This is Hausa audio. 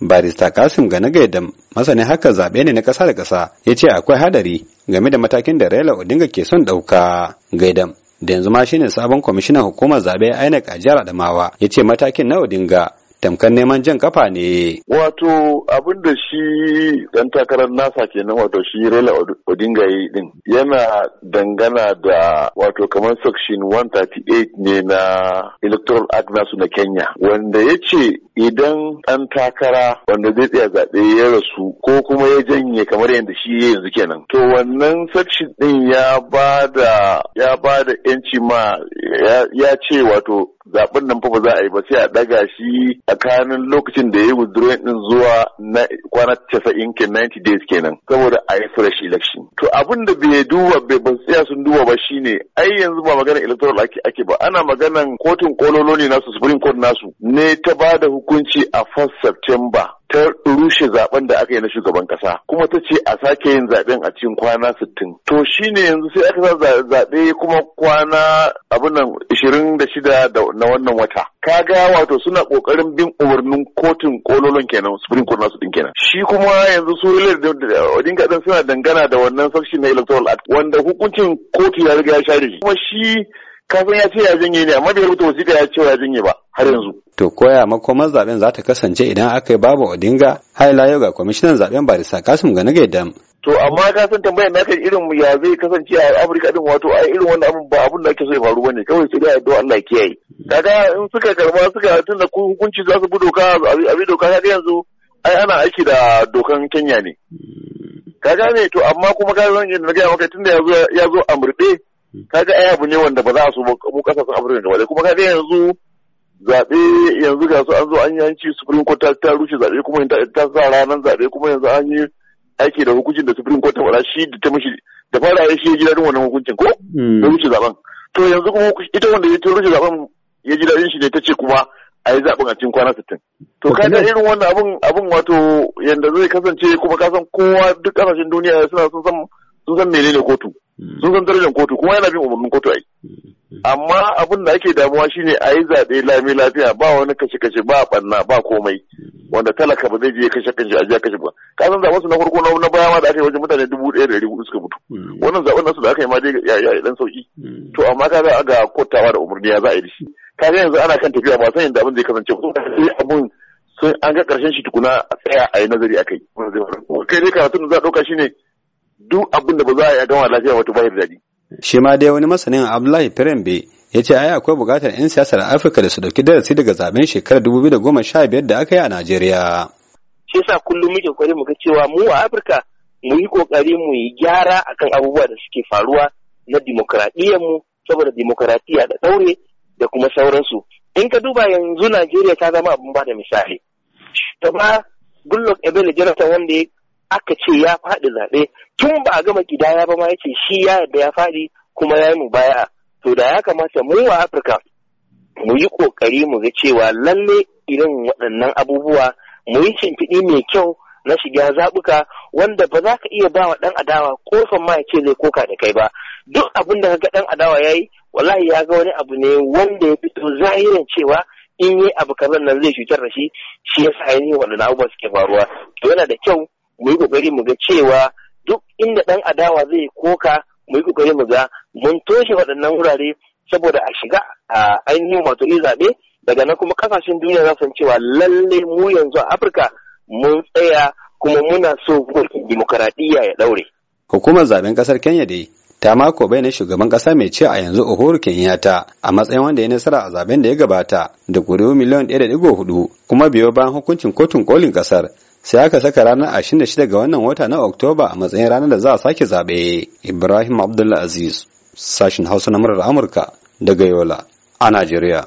barista kasim na gaidam masanin haka zaɓe ne na ƙasa da ƙasa ya ce akwai hadari game da matakin da raila odinga ke son ɗauka gaidam da yanzu ma shine sabon kwamishinan hukumar zaɓe inec a jihar adamawa ya ce matakin na odinga tamkar neman jan kafa ne. Wato abin da shi dan takarar nasa kenan wato shi Rela Odinga yi din yana dangana da wato kamar section 138 ne na electoral act nasu na Kenya wanda ya ce idan dan takara wanda zai tsaya zaɓe ya rasu ko kuma ya janye kamar yadda shi ya yanzu kenan. To wannan section din ya ba da ya yanci ma ya ce wato Zaɓen nan fa ba za a yi ba sai a ɗaga shi tsakanin lokacin da ya yi withdrawing din zuwa na kwana 90 ke 90 days kenan saboda a yi fresh election to abin da bai duba bai ba tsaya sun duba ba shine ai yanzu ba maganar electoral ake ake ba ana maganar kotun kololo ne nasu supreme court nasu ne ta ba da hukunci a 1 September ta rushe zaben da aka yi na shugaban kasa kuma ta ce a sake yin zaben a cikin kwana 60 to shine yanzu sai aka sa zabe kuma kwana abin nan 26 na wannan wata kaga wato suna kokarin bin umarnin kotun kololon kenan supreme court nasu din kenan shi kuma yanzu su dinga dan suna dangana da wannan section na electoral act wanda hukuncin kotu ya riga ya share kuma shi kafin ya ce ya janye ne amma bai rubuta wasiƙa ya ce ya janye ba har yanzu to koya makomar zaben za ta kasance idan aka yi babu odinga ila yau ga kwamishinan zaben barisa kasim gani gaidam to amma ka san tambayar kan irin ya zai kasance a afirka din wato a irin wannan abin ba abin da ake so ya faru bane kawai sai dai addu'a Allah kiyaye kaga in suka karba suka tunda hukunci za su bi doka a bi doka kaga yanzu ai ana aiki da dokan Kenya ne ka gane to amma kuma ka zan yi na gaya maka tunda ya zo ya zo amurde kaga ai abu ne wanda ba za a so mu sun Afirka gaba kuma kaga yanzu zaɓe yanzu ga su an zo an yi hanci Supreme Court ta rushe zaɓe kuma ta sa ranar zaɓe kuma yanzu an yi aiki da hukuncin da Supreme Court ta faɗa shi da ta mushi. da fara ya shi ya ji daɗin wannan hukuncin ko da mm. rushe zaɓen to yanzu kuma ita wanda ya rushe zaɓen ya ji daɗin shi ne ta ce kuma a yi zaɓen a cikin kwana sittin. To ka ga irin wannan abun abun wato yanda zai kasance kuma ka san kowa duk ƙasashen duniya suna sun san sun san menene kotu. Hmm. sun san darajar kotu kuma yana bin umarnin kotu ai hmm. amma abin da ake damuwa shine a yi zaɓe lami lafiya ba wani kashe kashe ba banna ba komai hmm. wanda talaka ba zai je kashe kashe a jiya kashe ba ka san zaɓen su na farko na na baya ma da aka yi wajen mutane dubu ɗaya da ɗari hudu suka mutu wannan zaɓen nasu da aka yi ma dai ya yi ɗan sauki to amma ka ga ga kotawa da umarni ya za a yi shi ka ga yanzu ana kan tafiya ba san yadda abin zai kasance ba sai abin sun an ga ƙarshen shi tukuna a tsaya a yi nazari a kai kai dai karatun da za a ɗauka shine duk abin da ba za a yi a gama lafiya wata bayar daɗi. shi ma dai wani masanin abdullahi firembe ya ce ai akwai buƙatar 'yan siyasar afirka da su ɗauki darasi daga zaben shekarar 2015 da aka yi a najeriya shi yasa kullum muke kwari mu ga cewa mu a afirka mu yi kokari mu yi gyara akan abubuwa da suke faruwa na dimokuraɗiyyar mu saboda dimokuraɗiyya da ɗaure da kuma sauransu in ka duba yanzu najeriya ta zama abin ba da misali shugaba gullok ebele jonathan wanda ya aka ce ya faɗi zaɓe tun ba a gama kidaya ba ma yace shi ya yarda ya faɗi kuma ya yi mu baya to da ya kamata mu wa Afirka mu yi ƙoƙari mu ga cewa lalle irin waɗannan abubuwa mu yi shimfiɗi mai kyau na shiga zaɓuka wanda ba za ka iya ba wa ɗan adawa kofan ma ya ce zai koka da kai ba duk abin da ka ga ɗan adawa ya yi wallahi ya ga wani abu ne wanda ya fito zahirin cewa in yi abu kazan nan zai cutar da shi shi yasa ainihin waɗannan abubuwa suke faruwa to yana da kyau mu yi kokari mu ga cewa duk inda ɗan adawa zai koka mu yi kokari mu ga mun toshe waɗannan wurare saboda a shiga a ainihin wato yi zaɓe daga nan kuma kasashen duniya za san cewa lalle mu yanzu a afirka mun tsaya kuma muna so mulkin dimokuraɗiyya ya ɗaure. hukumar zaben ƙasar kenya dai ta mako bai na shugaban ƙasa mai ce a yanzu uhuru kenyatta a matsayin wanda ya nasara a zaben da ya gabata da ƙuri'u miliyan ɗaya da ɗigo huɗu, kuma biyo bayan hukuncin kotun kolin ƙasar sai aka saka ranar 26 ga wannan wata na Oktoba a matsayin ranar da za a sake zaɓe. Ibrahim Abdullah Aziz, sashin Hausa na murar Amurka daga Yola a Najeriya.